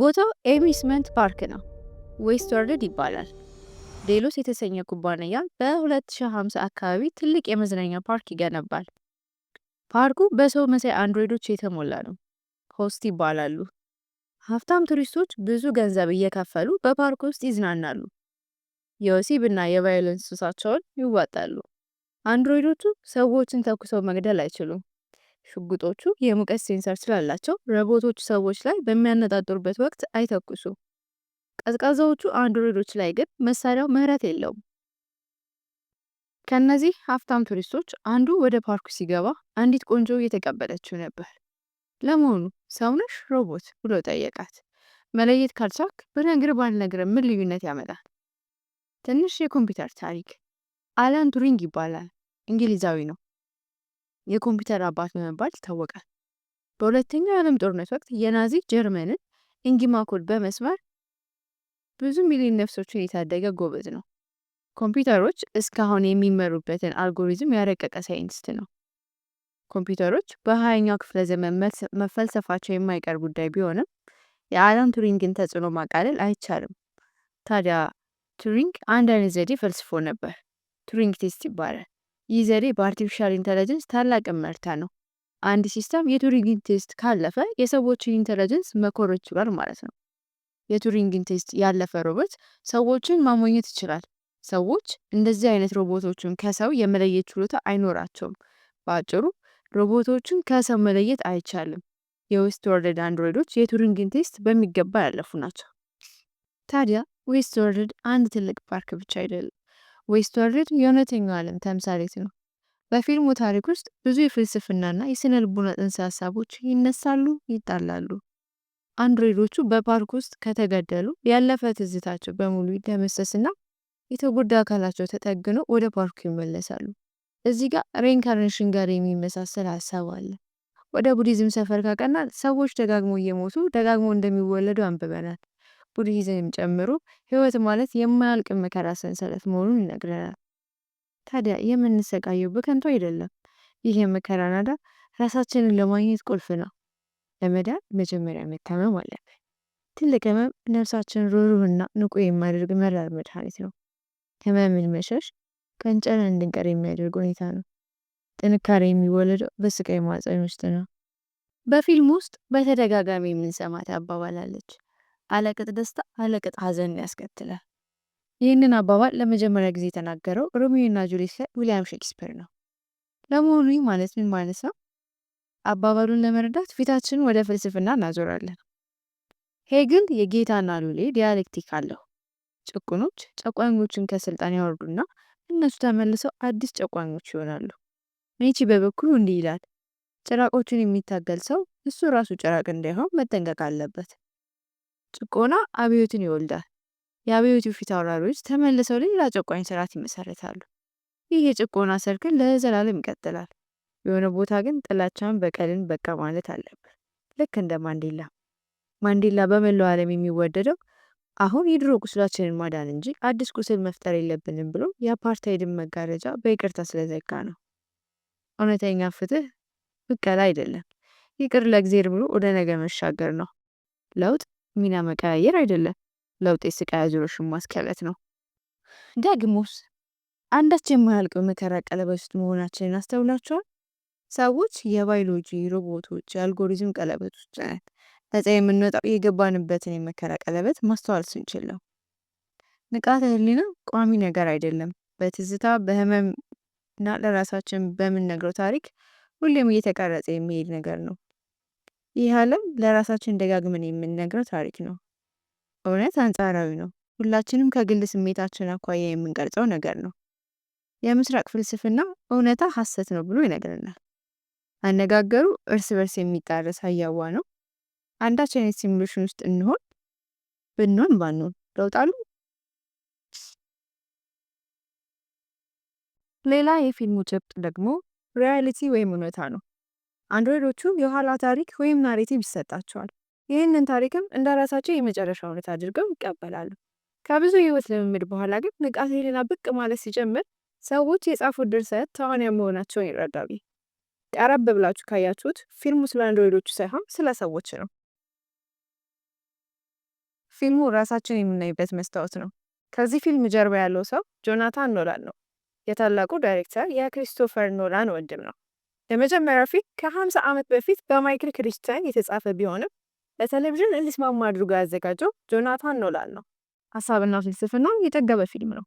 ቦታው ኤሚስመንት ፓርክ ነው፣ ዌስት ወርልድ ይባላል። ዴሎስ የተሰኘ ኩባንያ በ2050 አካባቢ ትልቅ የመዝናኛ ፓርክ ይገነባል። ፓርኩ በሰው መሳይ አንድሮይዶች የተሞላ ነው። ሆስት ይባላሉ። ሀብታም ቱሪስቶች ብዙ ገንዘብ እየከፈሉ በፓርክ ውስጥ ይዝናናሉ። የወሲብና የቫዮለንስ ሱሳቸውን ይዋጣሉ። አንድሮይዶቹ ሰዎችን ተኩሰው መግደል አይችሉም። ሽጉጦቹ የሙቀት ሴንሰር ስላላቸው ሮቦቶች ሰዎች ላይ በሚያነጣጥሩበት ወቅት አይተኩሱ። ቀዝቃዛዎቹ አንድሮይዶች ላይ ግን መሳሪያው ምህረት የለውም። ከእነዚህ ሀብታም ቱሪስቶች አንዱ ወደ ፓርኩ ሲገባ አንዲት ቆንጆ እየተቀበለችው ነበር። ለመሆኑ ሰውነሽ ሮቦት ብሎ ጠየቃት። መለየት ካልቻክ ብነግር ባልነግር ምን ልዩነት ያመጣል? ትንሽ የኮምፒውተር ታሪክ። አላን ቱሪንግ ይባላል። እንግሊዛዊ ነው። የኮምፒውተር አባት በመባል ይታወቃል። በሁለተኛው የዓለም ጦርነት ወቅት የናዚ ጀርመንን ኢንግማ በመስበር በመስመር ብዙ ሚሊዮን ነፍሶችን የታደገ ጎበዝ ነው። ኮምፒውተሮች እስካሁን የሚመሩበትን አልጎሪዝም ያረቀቀ ሳይንቲስት ነው። ኮምፒውተሮች በሀያኛው ክፍለ ዘመን መፈልሰፋቸው የማይቀር ጉዳይ ቢሆንም የአላን ቱሪንግን ተጽዕኖ ማቃለል አይቻልም። ታዲያ ቱሪንግ አንድ አይነት ዘዴ ፈልስፎ ነበር። ቱሪንግ ቴስት ይባላል። ይህ ዘዴ በአርቲፊሻል ኢንተለጀንስ ታላቅ እመርታ ነው። አንድ ሲስተም የቱሪንግን ቴስት ካለፈ የሰዎችን ኢንተለጀንስ መኮረጅ ይችላል ማለት ነው። የቱሪንግን ቴስት ያለፈ ሮቦት ሰዎችን ማሞኘት ይችላል። ሰዎች እንደዚህ አይነት ሮቦቶችን ከሰው የመለየት ችሎታ አይኖራቸውም። በአጭሩ ሮቦቶችን ከሰው መለየት አይቻልም። ወርልድ አንድሮይዶች የቱሪንግን ቴስት በሚገባ ያለፉ ናቸው። ታዲያ ወርልድ አንድ ትልቅ ፓርክ ብቻ አይደለም። ዌስትወርልድ የእውነተኛው ዓለም ተምሳሌት ነው። በፊልሙ ታሪክ ውስጥ ብዙ የፍልስፍናና የስነ ልቡና ጽንሰ ሀሳቦች ይነሳሉ፣ ይጣላሉ። አንድሮይዶቹ በፓርክ ውስጥ ከተገደሉ ያለፈ ትዝታቸው በሙሉ ይደመሰስና የተጎዳ አካላቸው ተጠግኖ ወደ ፓርኩ ይመለሳሉ። እዚህ ጋር ሬንካርኔሽን ጋር የሚመሳሰል ሀሳብ አለ። ወደ ቡዲዝም ሰፈር ካቀናል ሰዎች ደጋግሞ እየሞቱ ደጋግሞ እንደሚወለዱ አንብበናል። ቡድሂዝም ጨምሮ ህይወት ማለት የማያልቅ መከራ ሰንሰለት መሆኑን ይነግረናል። ታዲያ የምንሰቃየው በከንቱ አይደለም። ይህ የመከራ ናዳ ራሳችንን ለማግኘት ቁልፍ ነው። ለመዳን መጀመሪያ መታመም አለብን። ትልቅ ህመም ነፍሳችን ሩሩህና ንቁ የማደርግ መራር መድኃኒት ነው። ህመምን መሸሽ ከንጨና እንድንቀር የሚያደርግ ሁኔታ ነው። ጥንካሬ የሚወለደው በስቃይ ማህፀን ውስጥ ነው። በፊልም ውስጥ በተደጋጋሚ የምንሰማት አባባል አለች። አለቅጥ ደስታ አለቅጥ ሐዘንን ያስከትላል። ይህንን አባባል ለመጀመሪያ ጊዜ የተናገረው ሮሚዮና ጁሊየት ላይ ዊሊያም ሼክስፒር ነው። ለመሆኑ ይህ ማለት ምን ማለት ነው? አባባሉን ለመረዳት ፊታችንን ወደ ፍልስፍና እናዞራለን። ሄግል የጌታና ሉሌ ዲያሌክቲክ አለው። ጭቁኖች ጨቋኞችን ከስልጣን ያወርዱና እነሱ ተመልሰው አዲስ ጨቋኞች ይሆናሉ። ሜቺ በበኩሉ እንዲህ ይላል፣ ጭራቆችን የሚታገል ሰው እሱ ራሱ ጭራቅ እንዳይሆን መጠንቀቅ አለበት። ጭቆና አብዮትን ይወልዳል። የአብዮቱ ፊት አውራሪዎች ተመልሰው ሌላ ጨቋኝ ስርዓት ይመሰረታሉ። ይህ የጭቆና ሰርክል ለዘላለም ይቀጥላል። የሆነ ቦታ ግን ጥላቻን፣ በቀልን በቃ ማለት አለብን። ልክ እንደ ማንዴላ። ማንዴላ በመላው ዓለም የሚወደደው አሁን የድሮ ቁስላችንን ማዳን እንጂ አዲስ ቁስል መፍጠር የለብንም ብሎ የአፓርታይድን መጋረጃ በይቅርታ ስለዘጋ ነው። እውነተኛ ፍትህ ብቀላ አይደለም፣ ይቅር ለእግዜር ብሎ ወደ ነገ መሻገር ነው። ለውጥ ሚና መቀያየር አይደለም፣ ለውጥ ስቃይ አዙሪትን ማስቀረት ነው። ደግሞስ አንዳች የማያልቅ መከራ ቀለበት ውስጥ መሆናችንን አስተውላችኋል? ሰዎች የባዮሎጂ ሮቦቶች፣ የአልጎሪዝም ቀለበት ውስጥ ነን። ነጻ የምንወጣው የገባንበትን የመከራ ቀለበት ማስተዋል ስንችል ነው። ንቃተ ህሊና ቋሚ ነገር አይደለም። በትዝታ በህመምና ለራሳችን በምንነግረው ታሪክ ሁሌም እየተቀረጸ የሚሄድ ነገር ነው። ይህ ዓለም ለራሳችን ደጋግመን የምንነግረው ታሪክ ነው። እውነት አንጻራዊ ነው፤ ሁላችንም ከግል ስሜታችን አኳያ የምንቀርጸው ነገር ነው። የምስራቅ ፍልስፍና እውነታ ሐሰት ነው ብሎ ይነግረናል። አነጋገሩ እርስ በርስ የሚጣረስ አያዋ ነው። አንዳች አይነት ሲሙሌሽን ውስጥ እንሆን ብንሆን ባንሆን ለውጣሉ? ሌላ የፊልሙ ጭብጥ ደግሞ ሪያሊቲ ወይም እውነታ ነው። አንድሮይዶቹ የኋላ ታሪክ ወይም ናሬቲቭ ይሰጣቸዋል። ይህንን ታሪክም እንደ ራሳቸው የመጨረሻ እውነት አድርገው ይቀበላሉ። ከብዙ ህይወት ልምምድ በኋላ ግን ንቃተ ህሊና ብቅ ማለት ሲጀምር ሰዎች የጻፉት ድርሰት ተዋንያን መሆናቸውን ይረዳሉ። ቀረብ ብላችሁ ካያችሁት ፊልሙ ስለ አንድሮይዶቹ ሳይሆን ስለ ሰዎች ነው። ፊልሙ ራሳችን የምናይበት መስታወት ነው። ከዚህ ፊልም ጀርባ ያለው ሰው ጆናታን ኖላን ነው። የታላቁ ዳይሬክተር የክሪስቶፈር ኖላን ወንድም ነው። የመጀመሪያው ፊልም ከ50 ዓመት በፊት በማይክል ክሪስቲያን የተጻፈ ቢሆንም ለቴሌቪዥን እንዲስማማ አድርጎ ያዘጋጀው ጆናታን ኖላን ነው። ሀሳብና ፍልስፍናው የጠገበ ፊልም ነው።